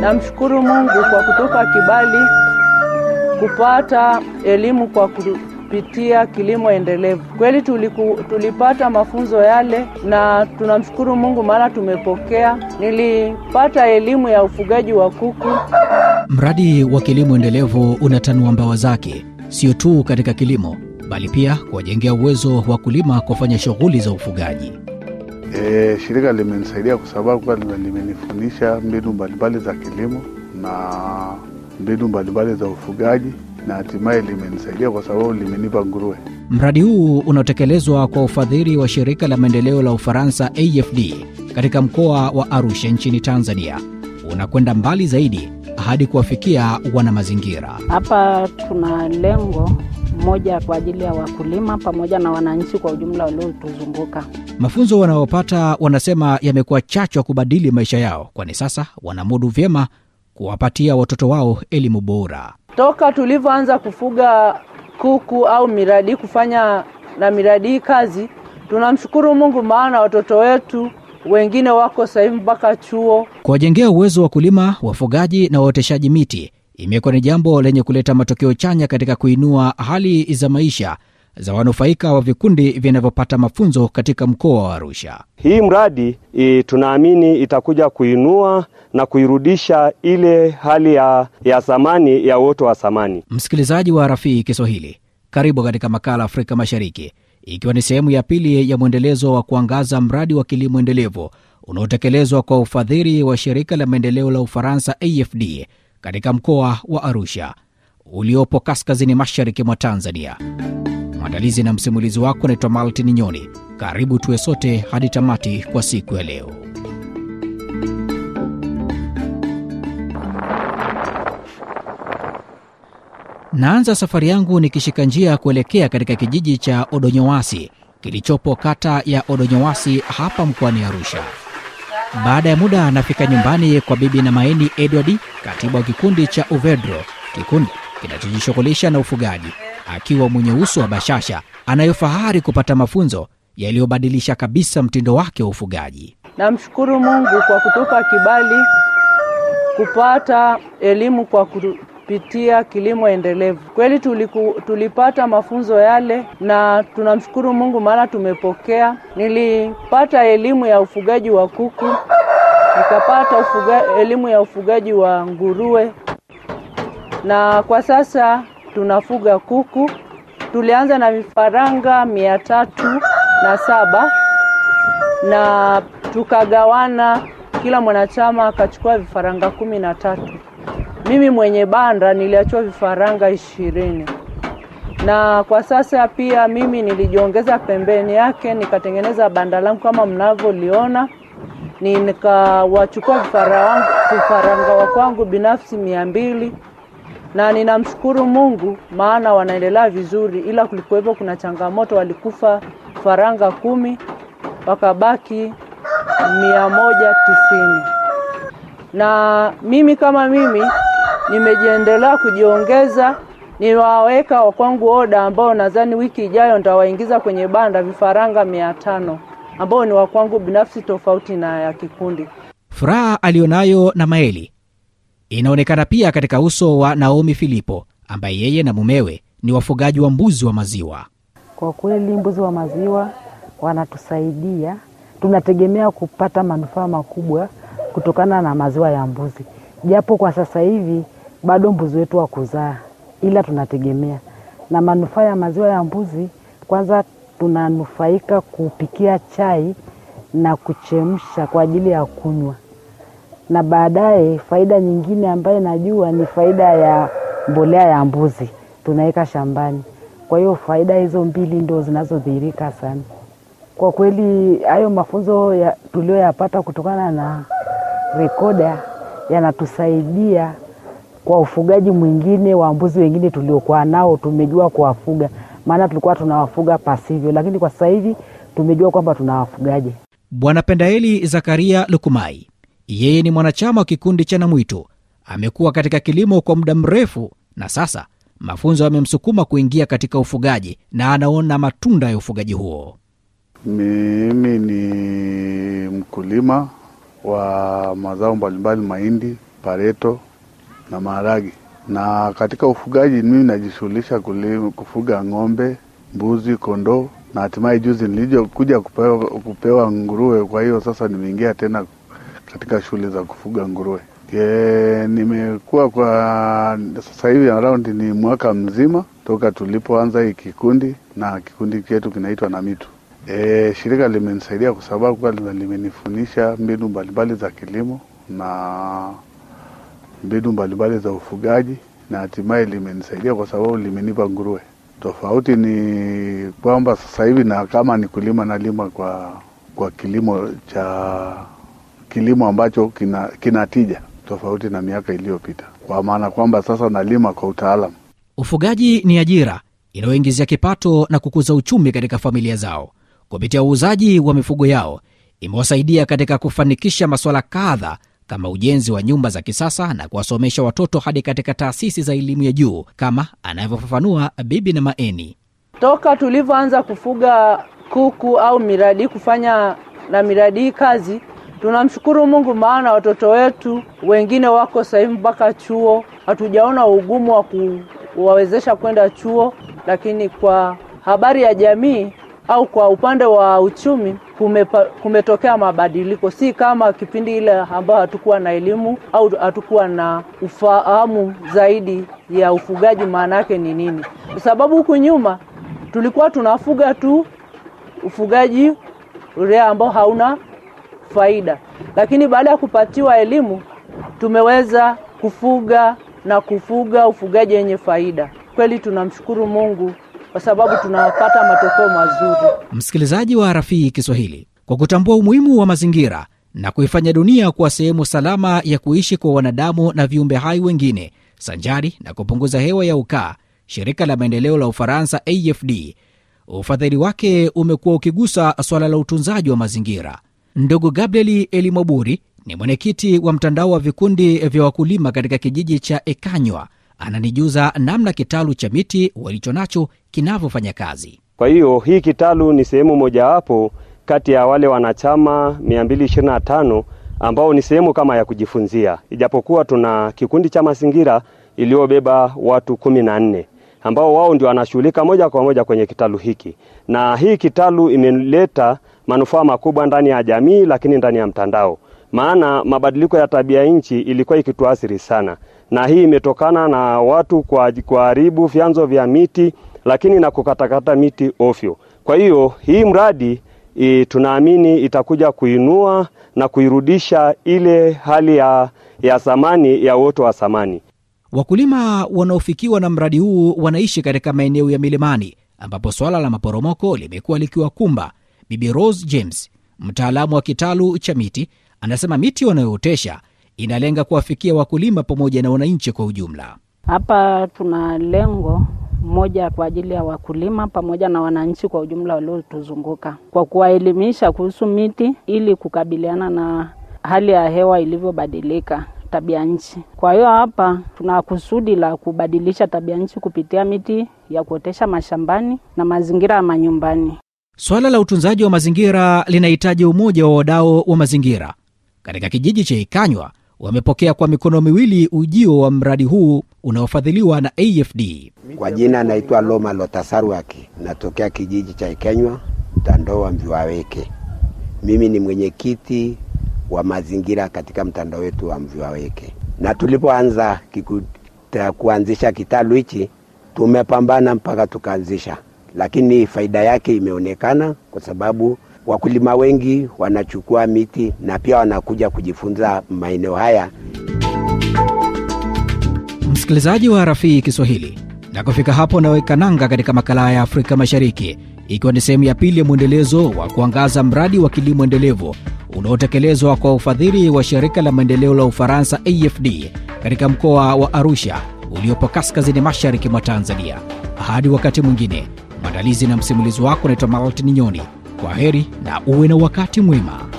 Namshukuru Mungu kwa kutupa kibali kupata elimu kwa kupitia kilimo endelevu. Kweli tuliku, tulipata mafunzo yale na tunamshukuru Mungu maana tumepokea. Nilipata elimu ya ufugaji wa kuku. Mradi wa kilimo endelevu unatanua mbawa zake sio tu katika kilimo bali pia kuwajengea uwezo wa kulima kufanya shughuli za ufugaji. E, shirika limenisaidia kwa sababu limenifundisha mbinu mbalimbali za kilimo na mbinu mbalimbali za ufugaji na hatimaye limenisaidia kwa sababu limenipa nguruwe. Mradi huu unaotekelezwa kwa ufadhili wa shirika la maendeleo la Ufaransa AFD katika mkoa wa Arusha nchini Tanzania unakwenda mbali zaidi hadi kuwafikia wana mazingira. Hapa tuna lengo moja kwa ajili ya wakulima pamoja na wananchi kwa ujumla waliotuzunguka. Mafunzo wanaopata wanasema yamekuwa chachu ya kubadili maisha yao, kwani sasa wanamudu vyema kuwapatia watoto wao elimu bora. Toka tulivyoanza kufuga kuku au miradi kufanya na miradi hii kazi, tunamshukuru Mungu maana watoto wetu wengine wako sasa hivi mpaka chuo. Kuwajengea uwezo wa kulima, wafugaji na waoteshaji miti imekuwa ni jambo lenye kuleta matokeo chanya katika kuinua hali za maisha za wanufaika wa vikundi vinavyopata mafunzo katika mkoa wa Arusha. Hii mradi i, tunaamini itakuja kuinua na kuirudisha ile hali ya, ya zamani ya uoto wa zamani. Msikilizaji wa Rafii Kiswahili, karibu katika makala Afrika Mashariki, ikiwa ni sehemu ya pili ya mwendelezo wa kuangaza mradi wa kilimo endelevu unaotekelezwa kwa ufadhili wa shirika la maendeleo la Ufaransa AFD katika mkoa wa Arusha uliopo kaskazini mashariki mwa Tanzania. Mwandalizi na msimulizi wako naitwa Maltin Nyoni. Karibu tuwe sote hadi tamati kwa siku ya leo. Naanza safari yangu nikishika njia kuelekea katika kijiji cha Odonyowasi kilichopo kata ya Odonyowasi hapa mkoani Arusha. Baada ya muda anafika nyumbani kwa bibi na Maini Edward, katibu wa kikundi cha Uvedro, kikundi kinachojishughulisha na ufugaji, akiwa mwenye uso wa bashasha, anayofahari kupata mafunzo yaliyobadilisha kabisa mtindo wake wa ufugaji. Namshukuru Mungu kwa kutupa kibali kupata elimu kwa kupitia kilimo endelevu. Kweli tuliku, tulipata mafunzo yale na tunamshukuru Mungu maana tumepokea. Nilipata elimu ya ufugaji wa kuku, nikapata ufuga, elimu ya ufugaji wa nguruwe na kwa sasa tunafuga kuku. Tulianza na vifaranga mia tatu na saba na tukagawana, kila mwanachama akachukua vifaranga kumi na tatu. Mimi mwenye banda niliachiwa vifaranga ishirini na kwa sasa pia mimi nilijiongeza pembeni yake nikatengeneza banda langu kama mnavyoliona, nikawachukua vifaranga wa kwangu binafsi mia mbili na ninamshukuru Mungu maana wanaendelea vizuri, ila kulikuwepo kuna changamoto, walikufa faranga kumi wakabaki mia moja tisini na mimi kama mimi nimejiendelea kujiongeza niwaweka wakwangu oda ambao nadhani wiki ijayo nitawaingiza kwenye banda vifaranga mia tano ambao ni wakwangu binafsi tofauti na ya kikundi. Furaha aliyonayo na Maeli inaonekana pia katika uso wa Naomi Filipo ambaye yeye na mumewe ni wafugaji wa mbuzi wa maziwa. Kwa kweli mbuzi wa maziwa wanatusaidia, tunategemea kupata manufaa makubwa kutokana na maziwa ya mbuzi, japo kwa sasa hivi bado mbuzi wetu wa kuzaa, ila tunategemea na manufaa ya maziwa ya mbuzi. Kwanza tunanufaika kupikia chai na kuchemsha kwa ajili ya kunywa, na baadaye faida nyingine ambayo najua ni faida ya mbolea ya mbuzi tunaweka shambani. Kwa hiyo faida hizo mbili ndo zinazodhihirika sana kwa kweli. Hayo mafunzo tulioyapata kutokana na rekoda yanatusaidia kwa ufugaji mwingine wa mbuzi wengine tuliokuwa nao tumejua kuwafuga, maana tulikuwa tunawafuga pasivyo, lakini kwa sasa hivi tumejua kwamba tunawafugaje. Bwana Pendaeli Zakaria Lukumai, yeye ni mwanachama wa kikundi cha namwitu amekuwa katika kilimo kwa muda mrefu na sasa mafunzo yamemsukuma kuingia katika ufugaji na anaona matunda ya ufugaji huo. Mimi ni mkulima wa mazao mbalimbali, mahindi, pareto na maharage. Na katika ufugaji mimi najishughulisha kufuga ng'ombe, mbuzi, kondoo na hatimaye juzi nilijokuja kupewa, kupewa nguruwe. Kwa hiyo sasa nimeingia tena katika shughuli za kufuga nguruwe. E, nimekuwa kwa sasa hivi around ni mwaka mzima toka tulipoanza hii kikundi, na kikundi chetu kinaitwa Namitu. E, shirika limenisaidia kwa sababu limenifundisha mbinu mbalimbali za kilimo na mbinu mbalimbali za ufugaji na hatimaye limenisaidia kwa sababu limenipa nguruwe. Tofauti ni kwamba sasa hivi na kama ni kulima, nalima kwa kwa kilimo cha kilimo ambacho kina, kina tija tofauti na miaka iliyopita, kwa maana kwamba sasa nalima kwa utaalamu. Ufugaji ni ajira inayoingizia kipato na kukuza uchumi katika familia zao. Kupitia uuzaji wa mifugo yao imewasaidia katika kufanikisha masuala kadha kama ujenzi wa nyumba za kisasa na kuwasomesha watoto hadi katika taasisi za elimu ya juu, kama anavyofafanua Bibi na Maeni. Toka tulivyoanza kufuga kuku au miradi kufanya na miradi hii kazi, tunamshukuru Mungu, maana watoto wetu wengine wako sasa mpaka chuo. Hatujaona ugumu wa kuwawezesha kwenda chuo, lakini kwa habari ya jamii au kwa upande wa uchumi kumepa, kumetokea mabadiliko, si kama kipindi ile ambayo hatukuwa na elimu au hatukuwa na ufahamu zaidi ya ufugaji maana yake ni nini, kwa sababu huku nyuma tulikuwa tunafuga tu ufugaji ule ambao hauna faida, lakini baada ya kupatiwa elimu tumeweza kufuga na kufuga ufugaji wenye faida. Kweli tunamshukuru Mungu kwa sababu tunapata matokeo mazuri. Msikilizaji wa Rafii Kiswahili, kwa kutambua umuhimu wa mazingira na kuifanya dunia kuwa sehemu salama ya kuishi kwa wanadamu na viumbe hai wengine, sanjari na kupunguza hewa ya ukaa, shirika la maendeleo la Ufaransa AFD ufadhili wake umekuwa ukigusa swala la utunzaji wa mazingira. Ndugu Gabrieli Elimoburi ni mwenyekiti wa mtandao wa vikundi vya wakulima katika kijiji cha Ekanywa ananijuza namna kitalu cha miti walichonacho kinavyofanya kazi. Kwa hiyo hii kitalu ni sehemu mojawapo kati ya wale wanachama 225 ambao ni sehemu kama ya kujifunzia, ijapokuwa tuna kikundi cha mazingira iliyobeba watu kumi na nne ambao wao ndio wanashughulika moja kwa moja kwenye kitalu hiki, na hii kitalu imeleta manufaa makubwa ndani ya jamii, lakini ndani ya mtandao, maana mabadiliko ya tabia nchi ilikuwa ikituathiri sana, na hii imetokana na watu kwa kuharibu vyanzo vya miti, lakini na kukatakata miti ovyo. Kwa hiyo hii mradi i, tunaamini itakuja kuinua na kuirudisha ile hali ya, ya zamani ya uoto wa zamani. Wakulima wanaofikiwa na mradi huu wanaishi katika maeneo ya milimani ambapo swala la maporomoko limekuwa likiwakumba. Bibi Rose James, mtaalamu wa kitalu cha miti, anasema miti wanayootesha inalenga kuwafikia wakulima pamoja na wananchi kwa ujumla. Hapa tuna lengo moja kwa ajili ya wakulima pamoja na wananchi kwa ujumla waliotuzunguka kwa kuwaelimisha kuhusu miti ili kukabiliana na hali ya hewa ilivyobadilika tabia nchi. Kwa hiyo hapa tuna kusudi la kubadilisha tabia nchi kupitia miti ya kuotesha mashambani na mazingira ya manyumbani. Swala la utunzaji wa mazingira linahitaji umoja wa wadau wa mazingira. Katika kijiji cha Ikanywa wamepokea kwa mikono miwili ujio wa mradi huu unaofadhiliwa na AFD. Kwa jina anaitwa Loma Lotasarwaki, natokea kijiji cha Ikenywa, mtandao wa Mviwaweke. Mimi ni mwenyekiti wa mazingira katika mtandao wetu wa Mviwaweke, na tulipoanza kuanzisha kitalu hichi tumepambana mpaka tukaanzisha, lakini faida yake imeonekana kwa sababu Wakulima wengi wanachukua miti na pia wanakuja kujifunza maeneo haya. Msikilizaji wa Rafii Kiswahili, na kufika hapo naweka nanga katika makala ya Afrika Mashariki, ikiwa ni sehemu ya pili ya mwendelezo wa kuangaza mradi wa kilimo endelevu unaotekelezwa kwa ufadhili wa shirika la maendeleo la Ufaransa AFD katika mkoa wa Arusha uliopo kaskazini mashariki mwa Tanzania. Hadi wakati mwingine, mwandalizi na msimulizi wako naitwa Maltin Nyoni. Kwa heri na uwe na wakati mwema.